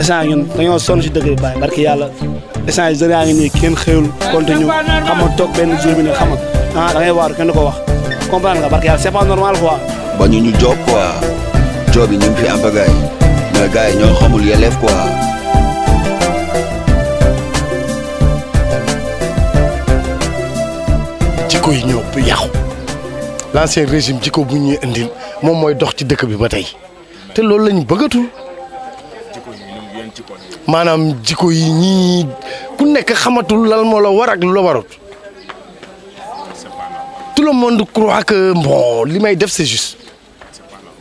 essence ñun dañoo sonn si dëkk bi bàyyi yàlla essence yi yaa ngi nii kenn xëyul continue xam nga toog bi ne xam ah da ngay kenn du ko wax comprendre nga barki yàlla c'est pas normal quoi. ñu ñu job quoi job ñu ngi fi am bagaay mais xamul yelleef quoi. jikko yi ñoo yàqu. l'ancien régime jikko bu ñuy indil moom mooy dox ci dëkk bi ba tey te loolu lañu bëggatul maanaam jikko yi ñii ku nekk xamatul lan moo la war ak lu warut tout le monde croit que bon li def c'est juste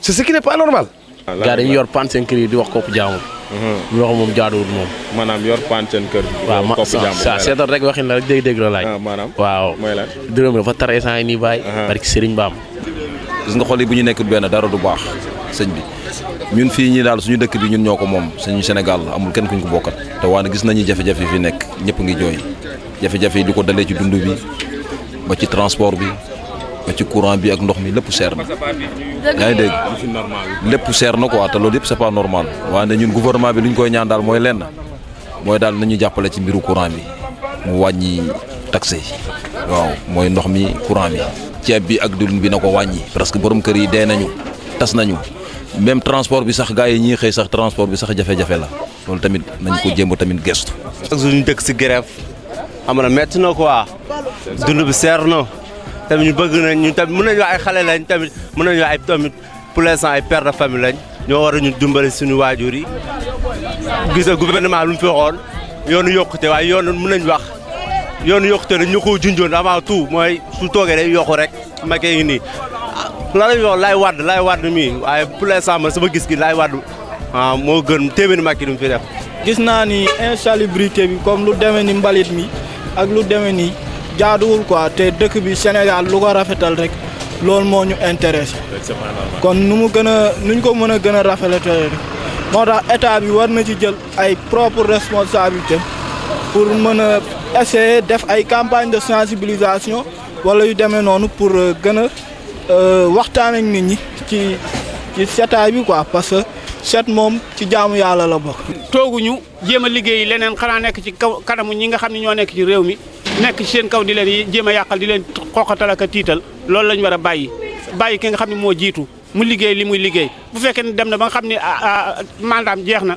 c'est ce qui n'est pas normal. gaa dañuy yor paan seen kër yi di wax kooku jaamul. Mm-hmm. loxo moom jaaduwul moom. maanaam yor paan seen kër. waaw ma saa seetal rek waxin la rek dégg-dégg la laaj. Ah, maanaam waaw mooy lan. dërëm dafa taree saa yi nii bàyyi. Uh-huh. barke sëriñ Baam. gis nga xol yi bu ñu nekk benn dara du baax sëñ bi ñun fii ñi daal suñu dëkk bi ñun ñoo ko moom suñu Sénégal amul kenn kuñ ko bokkat te waa waane gis nañu jafe-jafe fi nekk ñëpp ngi jooy jafe-jafe yi di ko dalee ci dund bi ba ci transport bi ba ci courant bi ak ndox mi lepp seer na yaa ngi dégg lépp na quoi te loolu yep c'est pas normal waaye ñun gouvernement bi luñ koy ñaan dal moy lenn moy dal nañu jappalé ci mbiru courant bi mu wañi taxé waaw mooy ndox mi courant bi ceeb bi ak dulun bi nako wañi presque borom kër yi dé nañu tas nañu même transport bi sax gaay ñi xey sax transport bi sax jafé jafé la loolu tamit nañ ko jéem tamit gestu ak ñu dëkk ci grève amana metti na quoi dund bi serno tamit ñu bëgg nañ ñu tamit mën nañu wax ay xale lañ tamit mën nañu wax ay tamit pour l'instant ay père de famille ñoo war a ñu dimbali suñu waajur yi gis gouvernement lu mu fi waxoon yoonu yokkute waaye yoonu mu nañu wax yoonu yokkute dañ ñu ko junjoon avant tout mooy su toogee day yokku rek makee ngi nii la wax laay wadd lay wadd mii waaye pour l'instant ma sama gis gi laay wadd waaw ah moo gën téeméeri makki du mu fi def gis naa ni insalubrité bi comme lu demee ni mbalit mi ak lu demee ni jaaduwul quoi te dëkk bi Sénégal lu ko rafetal rek loolu moo ñu intéressé. kon nu mu gën a nuñ ko mën a gën a rafetale rek moo tax état bi war na ci jël ay propre responsabilité pour mën a essayer def ay campagne de sensibilisation wala yu demee noonu pour euh, gën a euh, waxtaan ak nit ñi ci ci setaay bi quoi parce que set moom ci jaamu yàlla la bokk. tooguñu jéem a liggéey leneen xanaa nekk ci kaw kanamu ñi nga xam ne ñoo nekk ci réew mi. nek ci seen kaw di len jema yakal di len xoxatal ak tital tiital loolu lañ wara bayyi bayyi ki nga xamni mo jitu mu liggey li muy liggey bu fekke ne dem na ba nga xamni ah, ah, mandam jeexna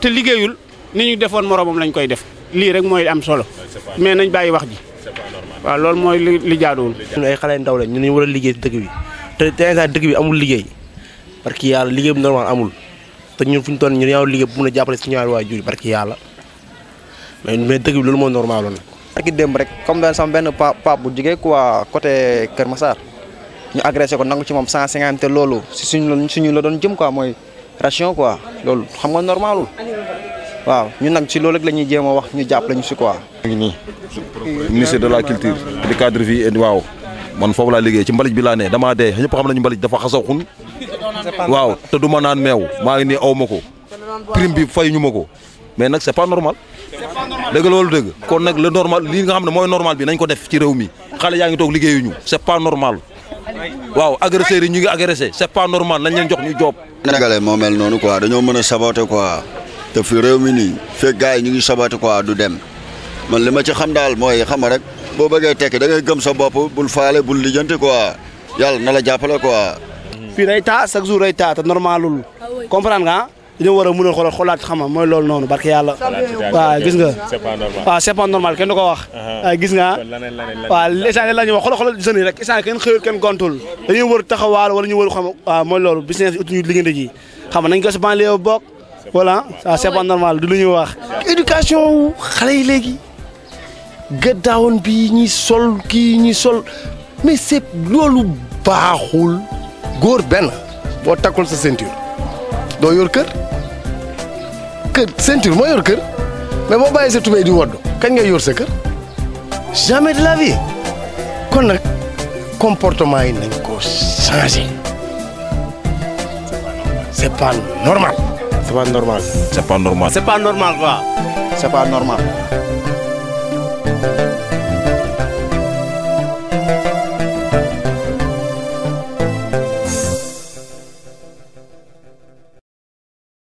te liggeyul ni ñu defoon moromam lañ koy def li rek moy am solo mais nañ bayyi wax ji wa loolu moy li li ñu ay xalé ndaw lañ ñu wara liggey deug wi te teensaa deug wi amul liggey barki yalla liggey bu normal amul te ñu fuñ ton ñu ñaaw liggey bu mun a ci ñaar ñaari waajur barki yalla mais mais dëkk bi loolu moo normal woon ak dem rek comme daan sama benn pa pa bu jige quoi côté keur Massar ñu agresser ko nang ci mom 150 té lolu ci suñu suñu la doon jëm quoi moy ration quoi lolu xam nga normalul waaw ñu nag ci lolu rek lañuy jéema wax ñu japp lañu ci quoi ah. ngi ni ministre de la culture du cadre vie et waaw man fofu la liggé ci mbalij bi la né dama dé ñëpp xam nañu mbalij dafa xasaw xun waaw te duma naan mew ma ngi ni awmako prime bi fay ñu ma mais nak c'est pas normal dëgg loolu dëgg kon nag le normal lii nga xam ne mooy normal bi nañ ko def ci réew mi xale yaa ngi toog liggéeyuñu c'est pas normal waaw agresseurs yi ñu ngi agressé c'est normal nañ leen jox ñu joob sénégalais moo mel noonu quoi dañoo mën a saboté quoi te fi réew mi nii fekk gars yi ñu ngi saboté quoi du dem man li ma ci xam daal mooy xam rek boo bëggee tekki da ngay gëm sa bopp bul faale bul lijjanti quoi yàlla na la ko quoi fii day taa chaque jour day taa te normalul comprendre nga ah? dañoo war a mën a xoolal xoolaat xam nga mooy lool noonu barke yàlla. waaw gis nga. c'est pas normal waaw c'est pas normal kenn du ko wax. Uh-huh. gis nga waaw instant la ñuy wax xoolal xoolal jeunes yi rek instant kenn xëyul kenn gontul dañuy wër taxawaal wala ñu wër xam waaw mooy loolu business utuñu liggéeyante ji xam nañ ko si banlieue bokk voilà ah c'est pas normal du lu ñuy wax. éducation xale yi léegi gëddaawoon bi ñuy sol kii ñuy sol mais c'est loolu baaxul góor benn boo takkul sa ceinture doo yor kër. kër ceinture moo yor kër mais boo bàyyi sa tubéy di wodd kañ ngay yor sa kër jamais de la vie kon nag comportement yi nañ ko changé c'est pas normal. c'est pas normal. c'est pas normal. c'est pas normal quoi. c'est pas normal.